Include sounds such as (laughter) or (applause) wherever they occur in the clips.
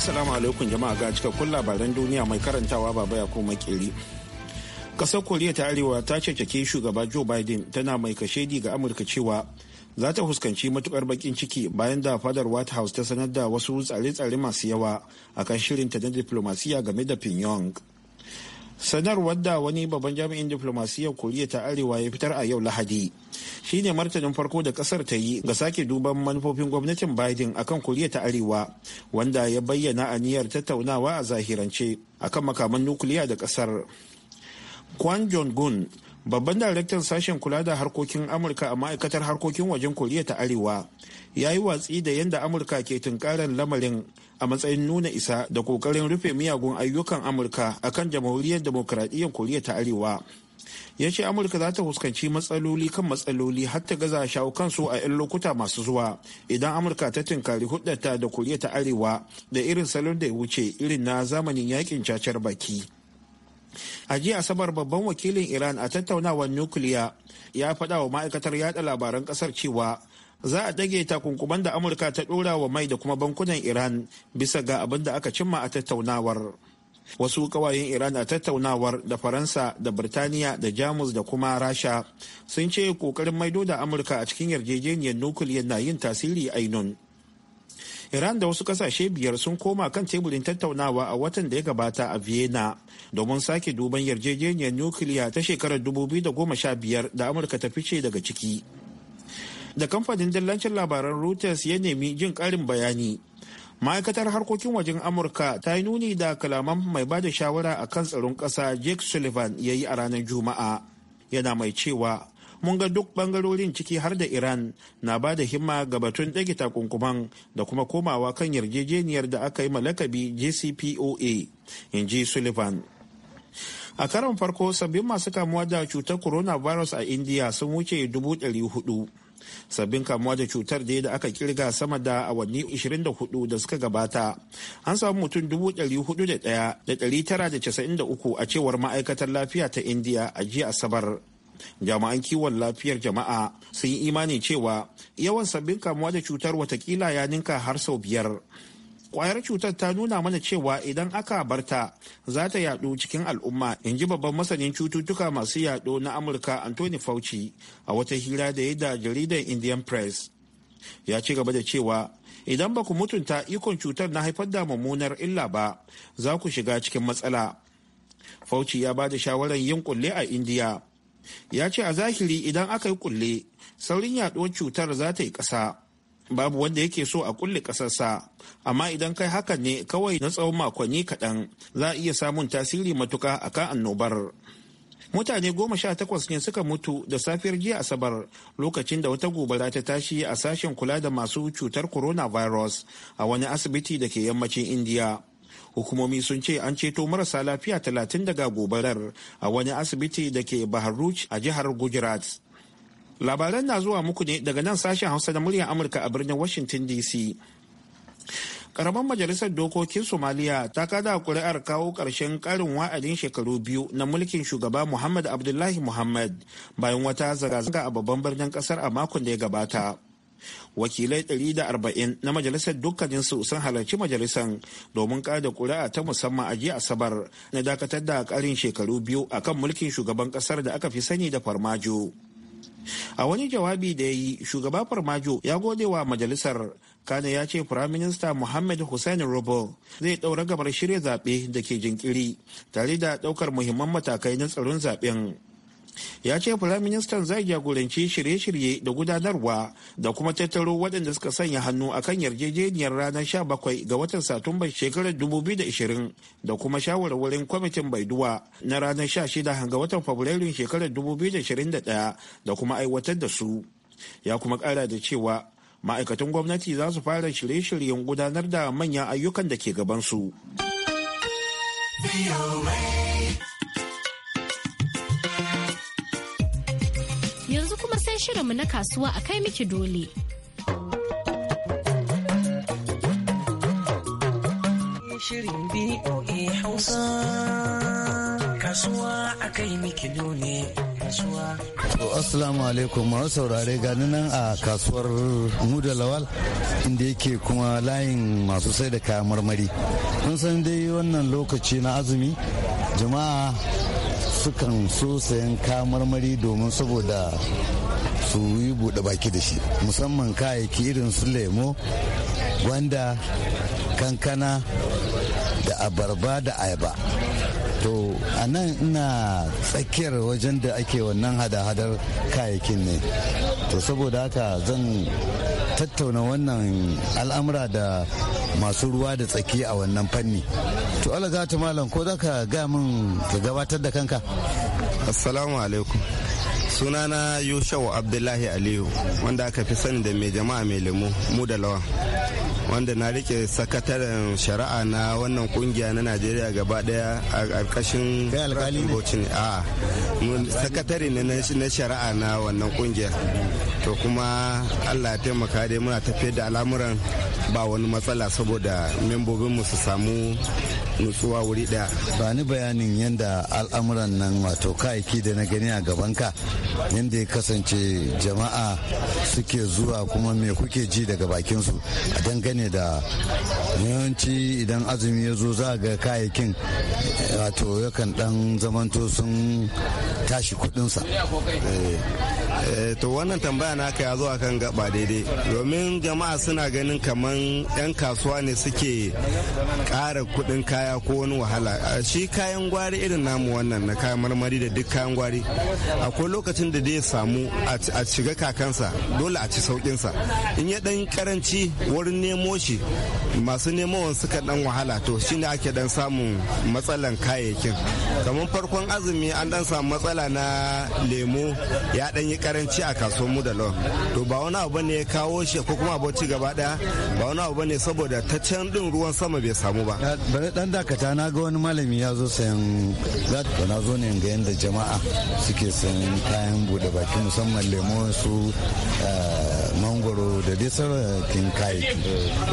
Assalamu alaikum jama'a ga cikakkun labaran duniya mai karantawa baba ya koma kiri. Kasar Koriya ta Arewa ta ce ceceke shugaba Joe Biden tana mai kashedi ga Amurka cewa za ta fuskanci matukar bakin ciki bayan da fadar White House ta sanar da wasu tsare-tsare masu yawa akan ta na diplomasiya game da Pyongyang. sanar wadda wani babban jami'in diplomasiyyar koriya ta arewa ya fitar a yau lahadi shine martanin farko da kasar ta yi ga sake duban manufofin gwamnatin biden akan koriya ta arewa wanda ya bayyana aniyar tattaunawa a zahirance akan makaman nukiliya da kasar kwan jong-un babban daraktan sashen kula da harkokin amurka a ma'aikatar harkokin wajen koriya ta arewa ya yi watsi da yadda amurka ke tunkarar lamarin a matsayin nuna isa da kokarin rufe miyagun ayyukan amurka akan jamhuriyar demokradiyyar koriya ta arewa ya ce amurka za ta fuskanci matsaloli kan matsaloli har ta gaza shawo kansu a 'yan lokuta masu zuwa idan amurka ta tunkari hudata da koriya ta arewa da irin salon da ya wuce irin na zamanin yakin cacar baki a jiya asabar babban wakilin iran a tattaunawar nukiliya ya faɗa wa ma'aikatar yada labaran ƙasar cewa za a dage takunkuman da amurka ta ɗora wa mai da kuma bankunan iran bisa ga abin da aka cimma a tattaunawar wasu kawayen iran a tattaunawar da faransa da birtaniya da jamus da kuma rasha sun ce kokarin maido da amurka a cikin yarjejeniyar nukiliyar na yin tasiri ainun Iran da wasu kasashe biyar sun koma kan teburin tattaunawa a watan da ya gabata a Vienna domin sake duban yarjejeniyar nukiliya ta shekarar 2015 da Amurka ta fice daga ciki. Da kamfanin dillancin labaran Reuters ya nemi jin karin bayani. Ma'aikatar harkokin wajen Amurka ta yi nuni da kalaman mai ba da shawara a kan tsaron ƙasa Jake Sullivan ya yi a ranar Juma'a. Yana mai cewa mun ga duk bangarorin ciki har da iran na ba da himma ga batun ɗage takunkuman da kuma komawa kan yarjejeniyar da aka yi malakabi jcpoa in ji sullivan a karon farko sabbin masu kamuwa da cutar coronavirus a india sun wuce dubu ɗari hudu sabbin kamuwa da cutar da da aka kirga sama da awanni 24 da suka gabata an samu mutum 401,993 a cewar ma'aikatar lafiya ta india a jiya asabar jami'an kiwon lafiyar jama'a sun yi imani cewa yawan sabbin kamuwa da cutar watakila ya ninka har sau biyar kwayar cutar ta nuna mana cewa idan aka barta za ta yadu cikin al'umma in ji babban masanin cututtuka masu yado na amurka anthony fauci a wata hira da ya da jaridar indian press ya ci gaba da cewa idan ba ku mutunta ikon cutar na haifar da mummunar illa ba za ku shiga cikin matsala fauci ya ba da shawarar yin kulle a indiya ya ce a zahiri idan aka yi kulle saurin yaduwar cutar za ta yi ƙasa babu wanda yake so a kulle ƙasarsa amma idan kai hakan ne kawai na tsawon makonni kaɗan za a iya samun tasiri matuka a akan annobar mutane goma sha takwas ne suka mutu da safiyar jiya asabar lokacin da wata gobara ta tashi a sashen kula da masu cutar coronavirus a wani asibiti da ke yammacin indiya hukumomi sun ce an ceto marasa lafiya talatin daga gobarar a wani asibiti da ke bahar a jihar gujarat labaran na zuwa muku ne daga nan sashen hausa da muryar amurka a birnin washington dc karamar majalisar dokokin somaliya ta kada kuri'ar kawo ƙarshen karin wa'adin shekaru biyu na mulkin shugaba muhammad abdullahi muhammad bayan wata zanga-zanga a babban birnin kasar a makon da ya gabata wakilai 140 na majalisar dukkanin su sun halarci majalisar domin kada kuri'a ta musamman a jiya asabar na dakatar da karin shekaru biyu a kan mulkin shugaban kasar da aka fi sani da farmajo a wani jawabi da ya yi shugaba farmajo ya gode wa majalisar kane ya ce firaminista muhammad hussein robo zai daura gabar shirya zaɓe da ke jinkiri tare da ɗaukar muhimman matakai na tsaron zaɓen ya ce firaministan zai jagoranci shirye-shirye da gudanarwa da kuma tattaro waɗanda suka sanya hannu a kan yarjejeniyar ranar 17 ga watan satumba shekarar 2020 da kuma shawarwarin kwamitin baiduwa na ranar 16 ga watan fabrairun shekarar 2021 da kuma aiwatar da su ya kuma ƙara da cewa ma'aikatan gwamnati za su fara shirye-shiryen gudanar da manyan ayyukan da ke gabansu. shirinmu na kasuwa a kai miki dole. Shirin alaikum masu saurare gani nan a kasuwar Muda Lawal inda yake kuma layin masu sai da kayan marmari. Kun san dai wannan lokaci na azumi jama'a sukan so sayan kayan marmari domin saboda su yi buɗe baki da shi musamman kayayyaki irin su lemo gwanda kankana da abarba da ayaba to a nan ina tsakiyar wajen da ake wannan hada-hadar kayayyakin ne to saboda haka zan tattauna wannan al'amura da masu ruwa da tsaki a wannan fanni to alaga malam ko za ka ga min ka gabatar da kanka assalamu alaikum sunana yushawa abdullahi aliyu wanda aka fi sani da mai jama'a mai lemo mu da lawan wanda na rike sakataren shari'a na wannan kungiya na najeriya gaba daya a karkashin ne a sakatare ne na shari'a na wannan kungiya to kuma allah ya taimaka dai muna tafiyar da al'amuran ba wani matsala saboda membobinmu su samu nutsuwa wuri daya ba ni bayanin yadda al'amuran nan wato kayaki da na gani a gabanka yadda ya kasance jama'a suke zuwa kuma me kuke ji daga bakinsu a dangane da yawanci idan azumi ya zo za a ga kayakin wato yakan dan zamanto sun tashi kudinsa eh. Eh, to wannan tambaya naka ya zo a kan gaba daidai domin jama'a suna ganin kamar 'yan kasuwa ne suke kara kuɗin kaya ko wani wahala shi kayan gwari irin namu wannan na kayan marmari da duk kayan gwari akwai lokacin da zai samu a shiga kakansa dole a ci sauƙinsa in ya dan karanci wurin nemo shi masu nemowan suka dan wahala to shine ake dan samun matsalan kayayyakin kamar farkon azumi an dan samu matsala na lemo ya dan yi karanci a kasuwar mu da lon to ba wani abu ne ya kawo shi ko kuma abu ci gaba daya ba wani abu ne saboda ta can din ruwan sama bai samu ba bari dan dakata na ga wani malami ya zo sayan na zo ne ga yanda jama'a suke sayan kayan bude baki musamman lemo su eh, mangoro da dai sauran kinkai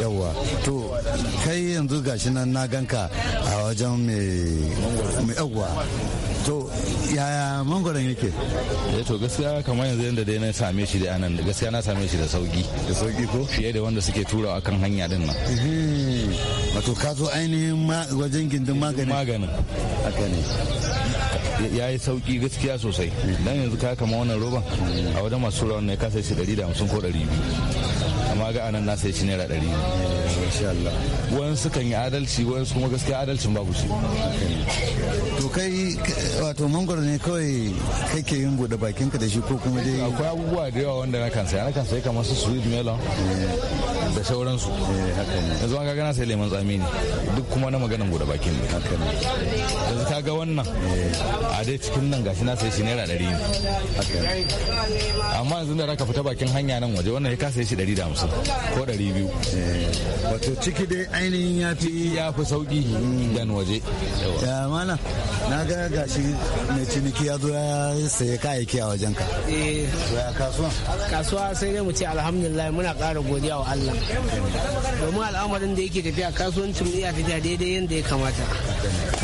yawa to kai yanzu gashi nan na ganka a wajen mai yawa to yaya mangoron yake eh to gaskiya kamar yanzu yanda dai na same shi da anan gaskiya na same shi da sauki da sauki ko fiye da wanda suke turawa akan hanya din nan wato ka zo ainihin wajen gindin maganin maganin haka ne ya yi sauki gaskiya sosai dan yanzu ka kama wannan roban a wajen masu tura ne ka sai shi 150 ko 200 amma ga anan na ya shi naira ɗari insha eh, Allah wani yi adalci wani kuma gaskiya adalcin babu shi to kai wato mangoro ne kawai kake yin bude bakin ka da shi ko kuma dai akwai abubuwa da yawa wanda na kan saya na kan saya kamar su sweet melon eh. da sauransu eh, yanzu an gagana sai lemon tsami ne duk kuma na maganin bude bakin ne yanzu ka ga wannan a dai cikin nan gashi na sai shi naira ɗari ne amma yanzu da raka fita bakin hanya nan waje wannan ya kasa shi ɗari da hamsin ko ɗari biyu eh, wato ciki dai ainihin ya fi ya fi sauki dan waje ya mana na ga gashi mai ciniki ya zo ya saye kayayyaki a wajen ka eh. ya kasuwa kasuwa sai dai mu ce alhamdulillah muna ƙara godiya wa Allah domin al'amarin da yake tafiya kasuwancin mu iya tafiya daidai yadda ya kamata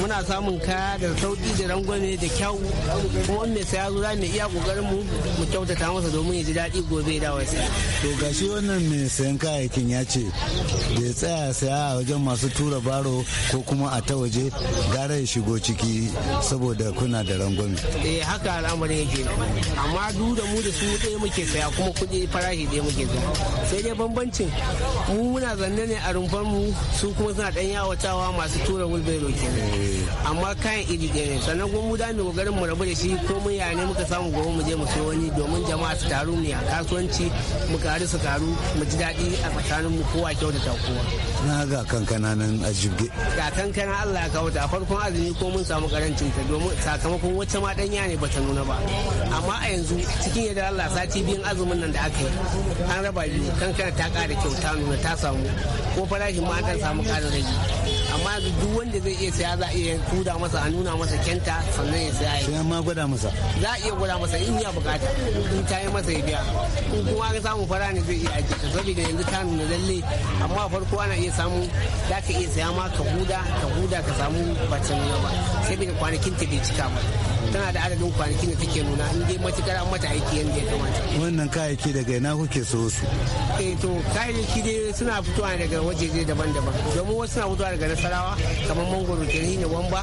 muna samun kaya da sauki da rangwame da kyau kuma mai saya zo za mu iya kokarin mu mu kyautata masa domin ya ji daɗi gobe da wasu to gashi wannan ne sayan kayayyakin ya ce da ya tsaya saya a wajen masu tura baro ko kuma a ta waje gara ya shigo ciki saboda kuna da rangwame. eh haka al'amarin yake amma du da mu da su ɗaya muke saya kuma kuɗi farashi ɗaya muke saya sai dai bambancin mu muna zanne ne a rumfar mu su kuma suna ɗan yawatawa masu tura wulbero ke eh. amma kayan iri ɗaya ne sannan kuma mu da mu kokarin mu rabu da shi ko mun yaya ne muka samu gobe mu je mu sayo wani domin jama'a su taru ne a kasuwanci mu karu su karu mu mu ji daɗi a tsakanin mu kowa da kowa na ga kankana nan a jibge ga kankana Allah ya kawo ta a farkon azumi ko mun samu karancin ta domin sakamakon wata ma ɗanya ne ta nuna ba amma a yanzu cikin yadda Allah sati biyun azumin nan da aka yi an raba biyu kankana ta ƙara kyau ta nuna ta samu ko farashin ma an samu ƙarin rage amma duk wanda zai iya saya za a iya tuda masa a nuna masa kenta sannan ya saya ya ma gwada masa za a iya gwada masa in ya bukata in ta yi masa ya biya in kuma ka samu fara ne zai iya ajiye ta saboda yanzu ta nuna lalle amma farko ana iya samu za ka iya saya ma ka huda ka huda ka samu bacin ba sai daga kwanakin ta bai cika ba tana da adadin kwanakin da take nuna in dai matukar an mata aiki yadda ya kamata wannan kayayyaki daga ina kuke so su eh to kayayyaki dai suna fitowa daga wajeje daban-daban domin wasu suna fitowa daga nasarawa kamar mangoro kenan ne wamba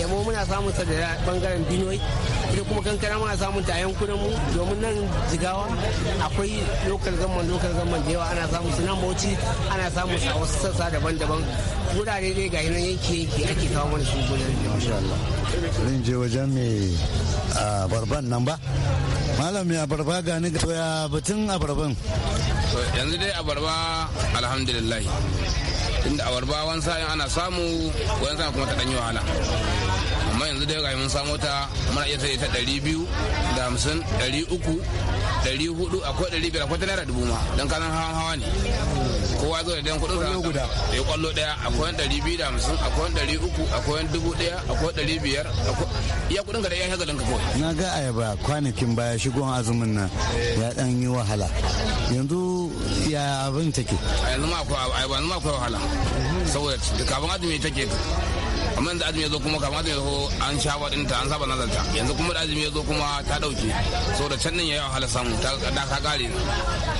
yamma muna samun sa da bangaren binoyi. ita kuma kankana muna samun ta a yankunan mu domin nan jigawa akwai lokal gamman lokal gamman da yawa ana samun su nan bauchi ana samun sa wasu sassa daban-daban wurare dai ga yanayin yanki yanki ake kawo mana su gudanar da zan je wajen mai barban nan ba malam mai abarba gani to ya batun abarban yanzu dai abarba alhamdulillah tunda abarba wani sa'in ana samu wani sa'in kuma ta ɗanyi wahala amma yanzu dai ga mun samu ta muna iya sai ta ɗari biyu da hamsin ɗari uku ɗari hudu akwai ɗari biyar akwai ta naira dubu ma don kanan hawan hawa ne kowa zo da dan kuɗin kwallo guda ya eh, kwallo daya akwai ɗari biyu da hamsin akwai ɗari uku akwai dubu daya akwai ɗari biyar iya kuɗin ka da iya hazalin ka kawai. na ga ayaba kwanakin baya shigon azumin nan ya dan yi wahala yanzu ya abin take. a yanzu ma akwai ayaba yanzu ma akwai wahala saboda kafin azumi take amma yanzu azumi ya zo kuma kafin azumi ya zo an sha ta an saba nazarta yanzu kuma da azumi ya zo kuma ta ɗauke saboda can nan ya yi wahala samu ta ka kare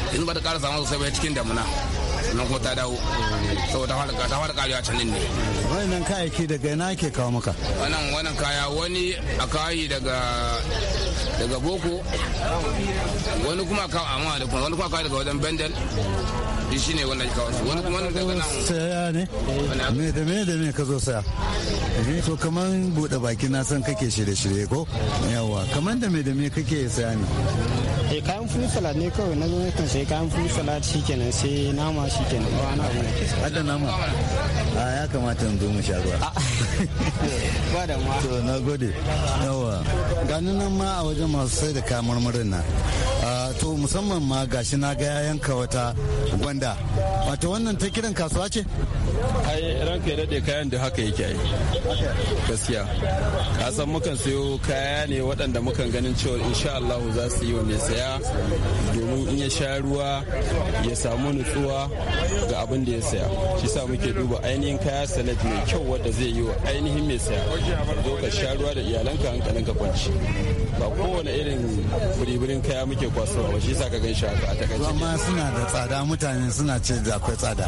yanzu ba ta ƙara samu sosai ba cikin damuna nan kuma ta dawo saboda ta fara karewa can ne wannan kayayyaki daga ina ke kawo maka wannan wannan kaya wani a kayi daga daga boko wani kuma kawo amma da wani kuma kawo daga wajen bendel shi ne wannan kawo wani kuma daga nan saya ne me da me da me ka zo saya eh, to kaman bude baki na san kake shirye-shirye ko yawa kaman da me da me kake saya ne eh kayan fruit salad ne kawai na zo kan sai kayan fruit salad kenan sai nama kenan ba na abu ne har da nama a ya kamata in mu sha ruwa (laughs) ba da ma to na gode yawa ganin nan ma a wajen masu sai da kayan marmarin nan to musamman ma gashi na ga yanka wata gwanda wato wannan ta kiran kasuwa ce ai ranka ya dade kayan da haka yake ai gaskiya ka san mukan sayo kaya ne waɗanda mukan ganin cewa insha Allah za su yi wa mai saya domin in ya sha ruwa ya samu nutsuwa ga abin da ya saya shi sa muke duba ainihin ainihin kaya salad mai kyau wadda zai yi wa ainihin mai saya zo ka sha ruwa da iyalanka hankalin ka kwanci ba kowane irin buriburin kaya muke kwasuwa ba shi sa ka gan shaka a takaice amma suna da tsada mutane suna ce da akwai tsada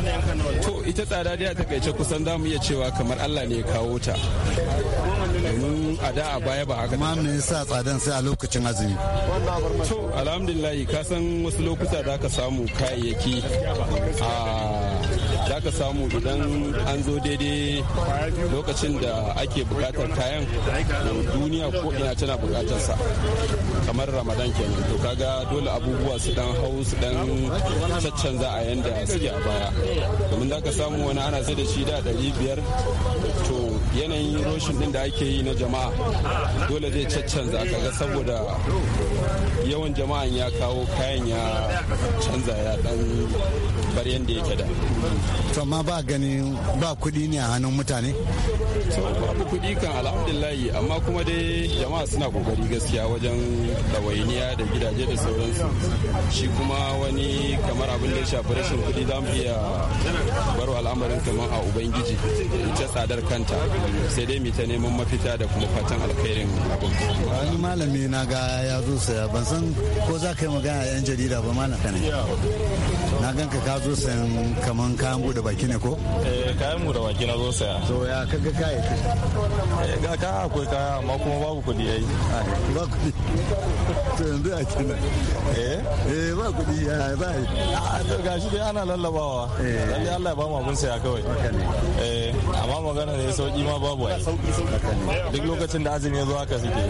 to ita tsada dai a takaice kusan za mu iya cewa kamar Allah ne ya kawo ta domin a da a baya ba haka amma me yasa tsadan sai a lokacin azumi to alhamdulillah ka san wasu lokuta za ka samu kayayyaki a za ka samu idan an zo daidai lokacin da ake bukatar kayan duniya ko ina tana bukatar sa kamar ramadan kenan to kaga dole abubuwa su dan hau su dan caccanza a yanda suke a baya domin za ka samu wani ana sai da shi da ɗari biyar to yanayin roshin din da ake yi na jama'a dole zai caccanza kaga saboda yawan jama'an ya kawo kayan ya canza ya dan bar yadda yake da to amma ba gani ba kudi ne a hannun mutane babu kuɗi kan alhamdulillahi amma kuma dai jama'a suna kokari gaskiya wajen dawainiya da gidaje da sauransu shi kuma wani kamar abin da ya shafi rashin kuɗi za mu iya baro al'amarin kamar a ubangiji ita tsadar kanta sai dai mita neman mafita da kuma fatan alkhairin abin wani malami na ga ya zo saya ban san ko za ka yi magana yan jarida ba ma na na gan ka ka zo sayan kamar kayan bude baki ne ko eh kayan bude baki na zo saya to ya ga kai eh, ga ka akwai kaya amma kuma babu kudi yayi. ba kudi to yanzu a kina eh eh ba kudi ya ba a ah, to gashi dai ana lallabawa eh. lalle Allah ya ba mu abun saya kawai eh amma magana ne sauki ma babu ai duk lokacin da azumi ya zo haka suke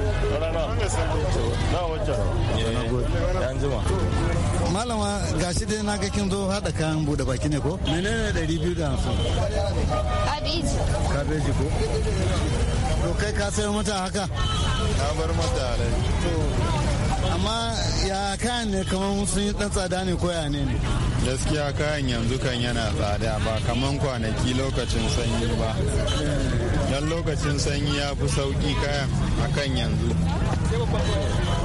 na malama ga malama gashi dai na ga kin zo hada kan bude baki ne ko menene 250 kabeji kabeji ko to kai ka sayo mata haka na bar mata alai to amma ya kayan ne kamar sun yi dan tsada ne ko ya ne ne gaskiya kayan yanzu kan yana tsada ba kaman kwanaki lokacin sanyi ba eh. don lokacin sanyi ya fi sauki kayan akan yanzu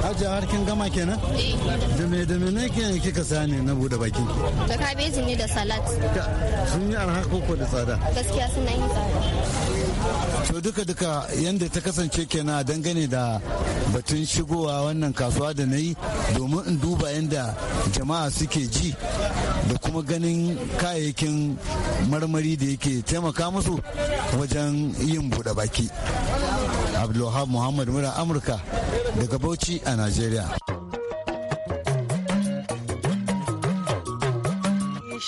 Ajiya har kin gama kenan? Da me da me ne ke kika sani na bude bakin ki? Da kabeji ne da salat. Sun yi arha koko da tsada. Gaskiya suna yi tsada. To duka duka yanda ta kasance kenan dangane da batun shigowa wannan kasuwa da na yi domin in duba yanda jama'a suke ji da kuma ganin kayayyakin marmari da yake taimaka musu wajen yin yin buɗe baki abdulwahab muhammad muna amurka daga bauchi a nigeria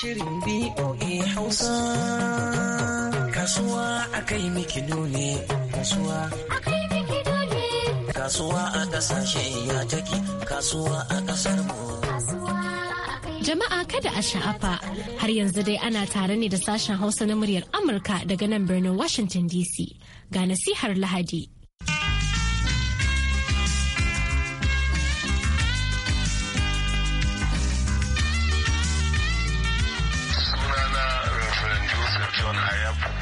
shirin BOA Hausa. Kasuwa a kai Kasuwa a kasashe ya take, kasuwa a kasar mu. Jama'a kada a sha'afa har yanzu dai ana tare ne da sashen Hausa na muryar Amurka daga nan birnin Washington DC ga nasihar Lahadi. Sunana Reverend Joseph John Hayapu,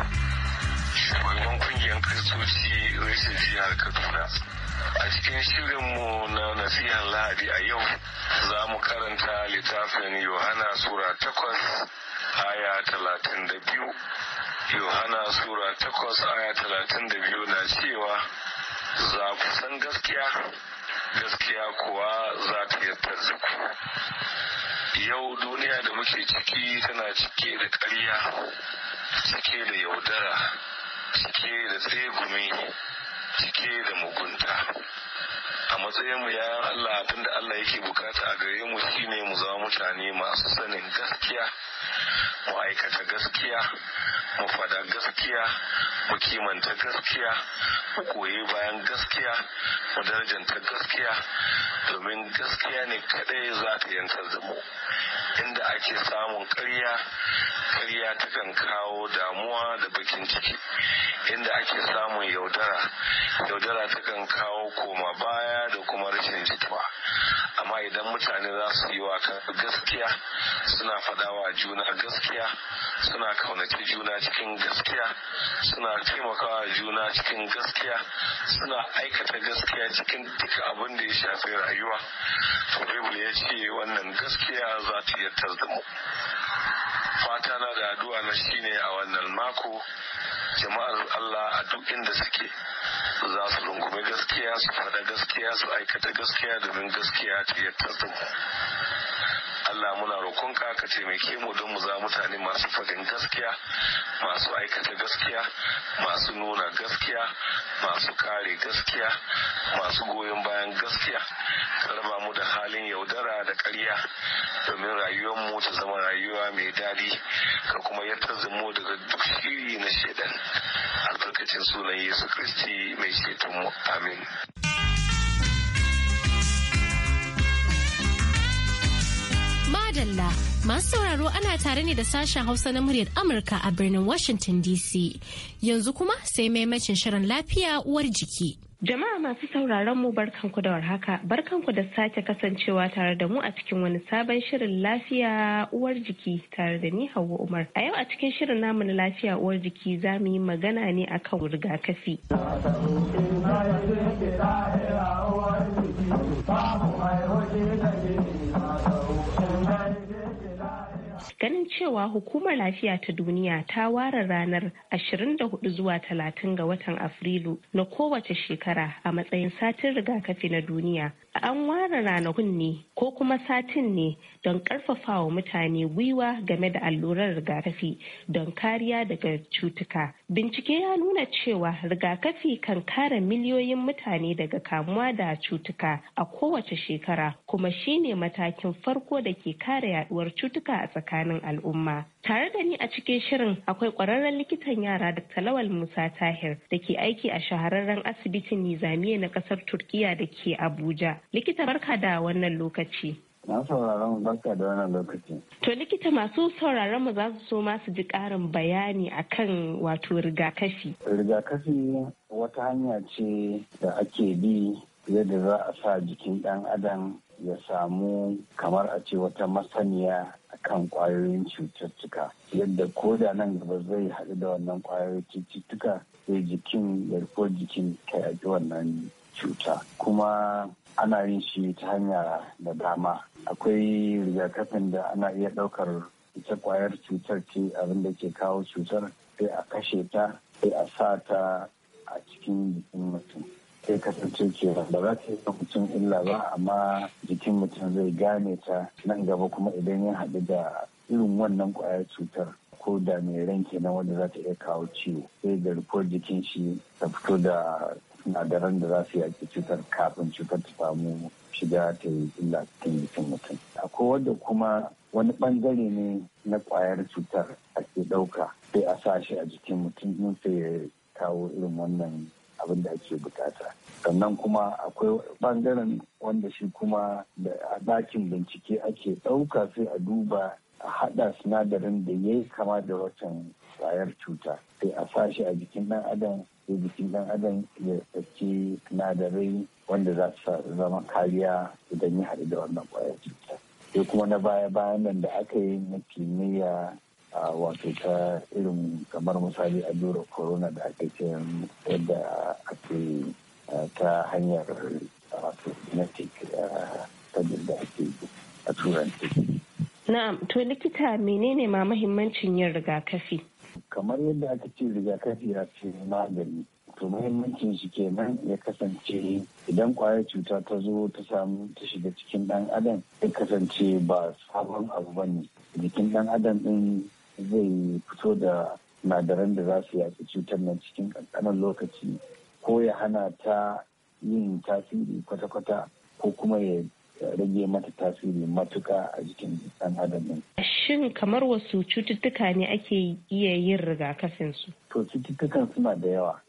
shugaban kungiyar Kristoci Rashin Jihar Kaduna. a cikin shirinmu na nasihar lahadi a yau za mu karanta littafin yohana sura takwas aya talatin da biyu yohana sura takwas aya talatin da biyu na cewa za ku san gaskiya gaskiya kuwa za ta yattar zuku. yau duniya da muke ciki tana cike da ƙarya cike da yaudara cike da tsegumi cike da mugunta a matsayin mu yayan Allah abinda Allah yake bukata a gare mu shine mu zama mutane masu sanin gaskiya mu aikata gaskiya mu fada gaskiya mu kimanta gaskiya mu koyi bayan gaskiya mu darajanta gaskiya domin gaskiya ne kadai za ta yantar da inda ake samun karya karya takan kawo damuwa da bakin ciki inda ake samun yaudara yaudara takan kawo koma baya da kuma rashin jituwa amma idan mutane za su yi wa gaskiya suna fadawa juna gaskiya suna kaunaci juna cikin gaskiya suna taimakawa juna cikin gaskiya suna aikata gaskiya cikin duka abin da ya shafi rayuwa to bible ya ce wannan gaskiya za ta da mu fata na da addu'a na shine a wannan mako jama'ar Allah a duk inda suke za su rungumi gaskiya su faɗa gaskiya su aikata gaskiya domin gaskiya ta yadda Allah muna roƙonka ka taimake mu don mu za mutane masu faɗin gaskiya masu aikata gaskiya masu nuna gaskiya masu kare gaskiya masu goyon bayan gaskiya ka raba mu da halin yaudara da ƙarya domin rayuwar mu ta zama rayuwa mai daɗi ka kuma yadda mu daga duk shiri na shaidan albarkacin sunan yesu kristi mai mu amin Madalla masu sauraro ana tare ne da sashen Hausa na muryar Amurka a birnin Washington DC. Yanzu kuma sai maimacin shirin lafiya uwar jiki. Jama'a masu sauraron mu barkanku da warhaka, barkanku da sake kasancewa tare da mu a cikin wani sabon shirin lafiya uwar jiki tare da ni Hauwa Umar. A yau a cikin shirin namu na lafiya uwar jiki za mu yi magana ne akan rigakafi. Ganin cewa hukumar lafiya ta duniya ta ware ranar 24 zuwa 30 ga watan Afrilu na kowace shekara a matsayin satin rigakafi na duniya. An ware ranakun ne ko kuma satin ne don karfafawa mutane gwiwa game da allurar rigakafi don kariya daga cutuka. Bincike ya nuna cewa rigakafi kan kare miliyoyin mutane daga kamuwa da cutuka a kowace shekara kuma shine matakin farko da ke kare yaduwar cutuka a tsakanin al'umma. Tare da ni a cikin shirin akwai kwararren likitan yara da Talawal Musa Tahir da ke aiki a shahararren asibitin Nizamiya na ƙasar Turkiya da ke Abuja. Likita barka da wannan lokaci. Na sauraron barka da wannan lokaci. To likita masu sauraron mu za su so masu ji ƙarin bayani akan wato rigakafi. Rigakafi wata hanya ce da ake bi yadda za a sa jikin ɗan adam ya samu kamar a ce wata masaniya kan kwayoyin cututtuka yadda ko da nan gaba zai haɗu da wannan kwayoyin cututtuka sai jikin garkuwar jikin ta yaƙi wannan cuta kuma ana yin shi ta hanya da dama akwai rigakafin da ana iya ɗaukar ita kwayar cutar ce abin da ke kawo cutar sai a kashe ta sai a sa ta a cikin jikin mutum sai kasance cewa ba za ta yi mutum illa ba amma jikin mutum zai gane ta nan gaba kuma idan ya haɗu da irin wannan kwayar cutar ko da mai ran kenan wanda za ta iya kawo ciwo sai da rufuwar jikin shi ta fito da sinadaran da za su yaƙi cutar kafin cutar ta samu shiga ta yi illa cikin jikin mutum akwai wanda kuma wani bangare ne na kwayar cutar ake ɗauka sai a sa shi a jikin mutum sai ya kawo irin wannan abin da ake bukata sannan kuma akwai bangaren wanda shi kuma da a dakin bincike ake ɗauka sai a duba a haɗa sinadarin da ya yi kama da watan tsayar cuta sai a shi a jikin ɗan adam sai jikin ɗan adam ya ɗauki sinadarai wanda za su zama kariya idan ya haɗu da wannan kwayar cuta sai kuma na baya bayan nan da aka yi na kimiyya wato ta irin kamar misali allurar corona da ake ce yadda ake ta hanyar wato genetic ta da ake a turanci. Na'am, to likita menene ma mahimmancin yin rigakafi? Kamar yadda aka ce rigakafi ya ce magani. to mahimmancin shi kenan ya kasance idan kwayar cuta ta zo ta samu ta shiga cikin dan adam ya kasance ba sabon abu ba ne jikin dan adam din zai fito da sinadaran da za su yaki cutar nan cikin kankanan lokaci ko ya hana ta yin tasiri kwata-kwata ko kuma ya rage mata tasiri matuka a jikin ɗan adam Shin kamar wasu cututtuka ne ake iya yin rigakafin su? To cututtukan suna da yawa.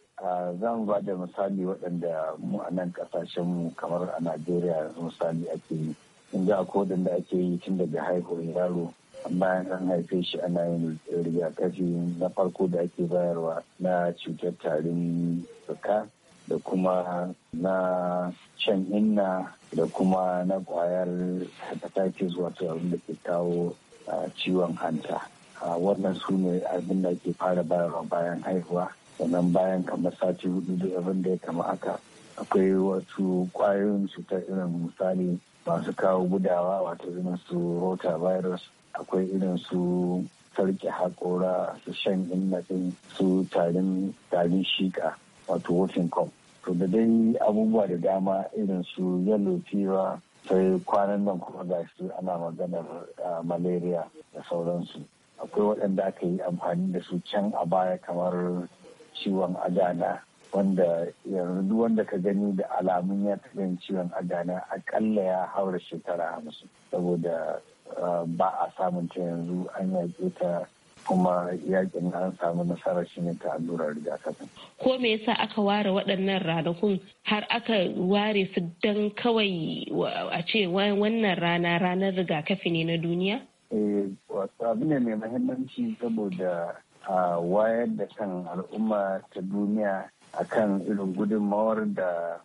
Za mu ba da misali waɗanda mu a nan ƙasashen mu kamar a Najeriya misali ake yi. Inda akwai waɗanda ake yi tun daga haihuwar yaro bayan an haife shi ana yin rigakafi na farko da ake bayarwa na cutar tarin fuka da kuma na can inna da kuma na kwayar hepatitis wato abin da ke kawo ciwon hanta wannan su ne abin da ake fara bayarwa bayan haihuwa sannan bayan kamar sati hudu da abin da ya kama aka akwai wasu kwayoyin cutar irin misali masu kawo gudawa wato irin su rota virus akwai irin su sarki haƙora su shan ɗin su tarin tarin shika wato wofin kom to da dai abubuwa da dama irin su yellow fever sai kwanan nan kuma ga su ana maganar ah, malaria da sauransu akwai waɗanda aka yi amfani da su can a baya kamar ciwon adana wanda yanzu wanda ka gani da alamun ya taɓa ciwon adana aƙalla ya haura shekara hamsin saboda ba a samun ta yanzu an yaƙe ta kuma yakin an samu nasarar shi ne ta allurar rigakafin. Ko me yasa aka ware waɗannan ranakun har aka ware su don kawai a ce wannan rana ranar rigakafi ne na duniya? Eh, abu ne mai mahimmanci saboda a wayar da kan al'umma ta duniya akan irin gudunmawar da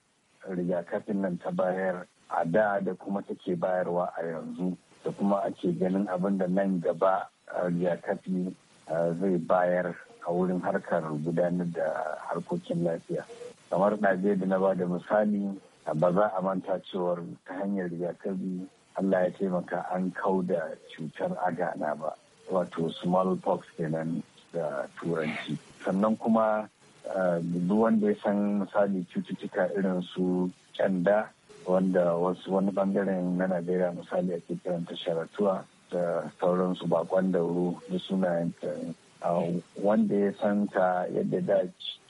rigakafin nan ta bayar a da da kuma take bayarwa a yanzu da kuma ake ganin abin da nan gaba riyakafi zai bayar a wurin harkar gudanar da harkokin lafiya kamar ɗaje da na ba da misali ba za a manta cewar ta hanyar riyakafi allah ya taimaka an kau da cutar agana ba wato smallpox kenan da turanci sannan kuma duk wanda ya san misali cututtuka irin su kyanda wanda wasu wani bangaren na najeriya misali ake kiranta sharatuwa da sauransu bakon dauro da sunayen wanda ya san ta yadda da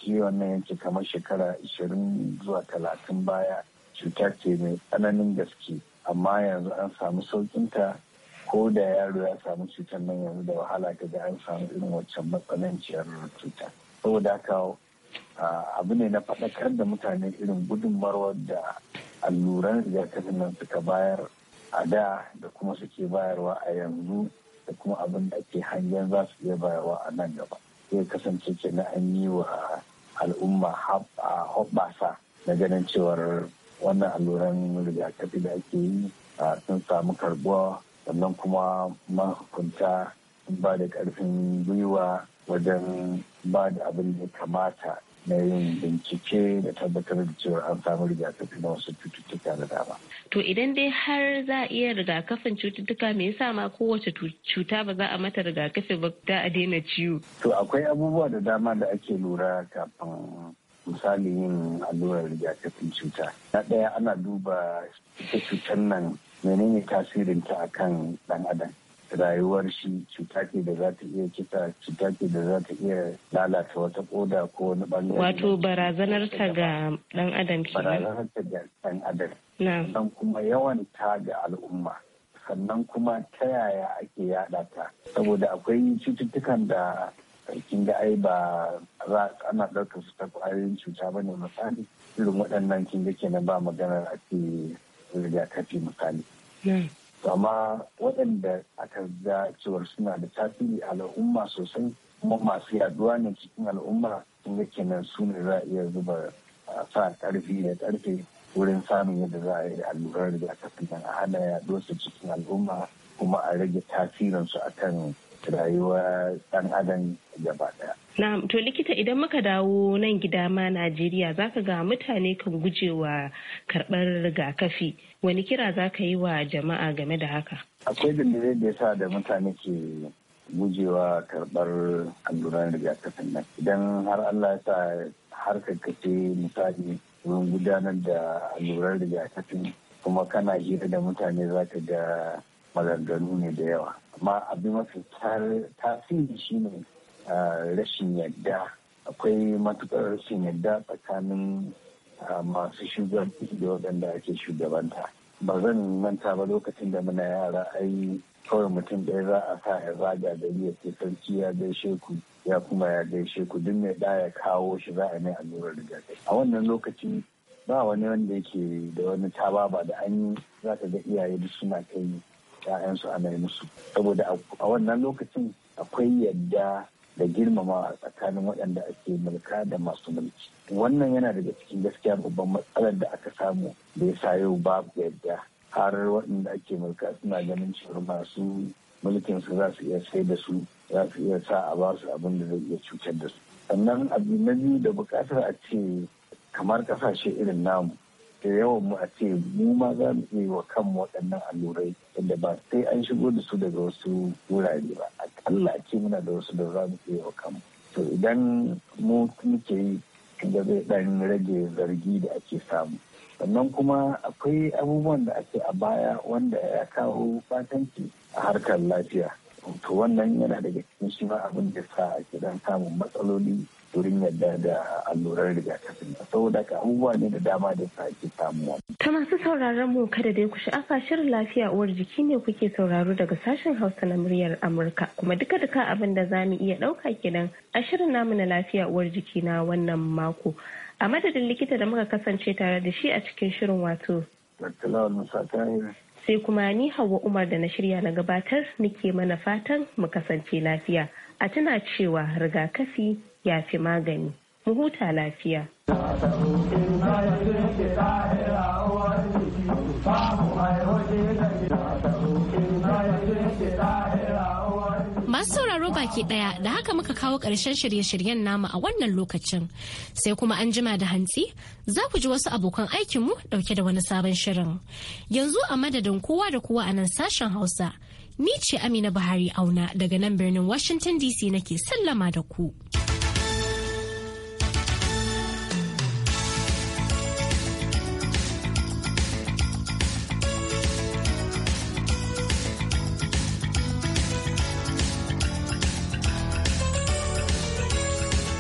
ciwon na yanke kamar shekara 20 zuwa 30 baya cuta ce mai tsananin gaske amma yanzu an samu saukinta ko da yaro ya samu cutar nan yanzu da wahala ga an samu irin waccan matsananciyar cuta saboda haka abu ne na faɗakar da mutane irin gudunmawar da alluran rigakafin nan suka bayar a da da kuma suke bayarwa a yanzu da kuma abin da ke hangen za su iya bayarwa a nan gaba zai kasance ke na an yi wa al'umma hobasa na ganin cewar wannan alluran rigakafi da ake yi sun samu karbuwa sannan kuma mahukunta ba da karfin gwiwa wajen ba da abin da kamata na yin bincike da tabbatar da cewa an samu rigakafi na wasu cututtuka da dama. To idan dai har za a iya rigakafin cututtuka me yasa ma kowace cuta ba za a mata rigakafi ba ta a daina ciwo? To akwai abubuwa da dama da ake lura kafin misali yin allurar rigakafin cuta. Na ɗaya ana duba ita cutar nan menene tasirinta akan ɗan adam. rayuwar shi cuta ce da za ta iya kisa cuta ce da za ta iya lalata wata koda ko wani bangare wato barazanar ta ga dan adam barazanar ta ga dan adam sannan kuma yawan ta ga al'umma sannan kuma ta yaya ake yada ta saboda akwai cututtukan da kin ga ai ba za ana ɗaukar su ta ƙwayoyin cuta ba ne misali irin waɗannan kin ga kenan ba maganar ake rigakafi misali amma waɗanda aka ga cewar suna da tasiri a al'umma sosai kuma masu yaduwa ne cikin al'umma sun ga kenan su ne za a iya zuba ah, sa ƙarfi da karfe wurin samun yadda za a yi allurar aka fi a hana yaduwar su cikin al'umma kuma a rage tasirinsu kan rayuwar ɗan adam gaba ɗaya. Na to likita idan muka dawo nan gida ma Najeriya zaka ga mutane kan gujewa karɓar rigakafi wani kira za ka yi wa jama'a game da haka akwai dalilai da ya sa da mutane ke gujewa karɓar alluran rigakafin nan idan har allah ya sa har ce misali wurin gudanar da alluran rigakafin kuma kana hira da mutane za ka ga maganganu ne da yawa amma abin mafi tasiri shine ah, rashin yadda akwai matukar rashin yadda tsakanin masu shugabanci da waɗanda ake shugabanta ba zan manta ba lokacin da muna yara ai kawai mutum ɗaya za a sa ya zaga da ya ce sarki ya gaishe ku ya kuma ya gaishe ku duk mai ɗaya ya kawo shi za a mai allurar rigakafi a wannan lokaci ba wani wanda yake da wani ba da an yi za ka ga iyaye da suna kai 'ya'yansu ana yi musu saboda a wannan lokacin akwai yadda da girmama a tsakanin waɗanda ake mulka da masu mulki wannan yana daga cikin gaskiya babban matsalar da aka samu da ya sayo babu yadda har waɗanda ake mulka suna ganin cewa masu mulkin su za su iya sai da su za su iya sa a ba su abin da zai iya cutar da su sannan abu na biyu da buƙatar a ce kamar ƙasashe irin namu da yawan mu a ce mu ma za mu iya wa kan waɗannan allurai yadda ba sai an shigo da su daga wasu wurare ba akalla a ce muna da wasu da za mu iya wa kanmu to idan mu muke yi da zai ɗan rage zargi da ake samu sannan kuma akwai abubuwan da ake a baya wanda ya kawo fatanci a harkar lafiya to wannan yana daga cikin shi ma abin da sa ake dan samun matsaloli turin yadda da allurar rigakafin saboda ka abubuwa ne da dama da ake samuwa. ta masu sauraron mu kada dai ku sha'afa shirin lafiya uwar jiki ne kuke sauraro daga sashen hausa na muryar amurka kuma duka duka abin da za mu iya ɗauka kenan a shirin namu na lafiya uwar jiki na wannan mako a madadin likita da muka kasance tare da shi a cikin shirin wato. sai kuma ni hawa umar da na shirya na gabatar nike mana fatan mu kasance lafiya a tuna cewa rigakafi ya fi magani mu huta lafiya Masu sauraro baki daya da haka muka kawo ƙarshen shirye-shiryen nama a wannan lokacin sai kuma an jima da hantsi za ku ji wasu abokan aikinmu dauke da wani sabon shirin. Yanzu a madadin kowa da kowa a nan sashen Hausa, ni ce Amina Buhari auna daga nan birnin Washington DC nake sallama da ku.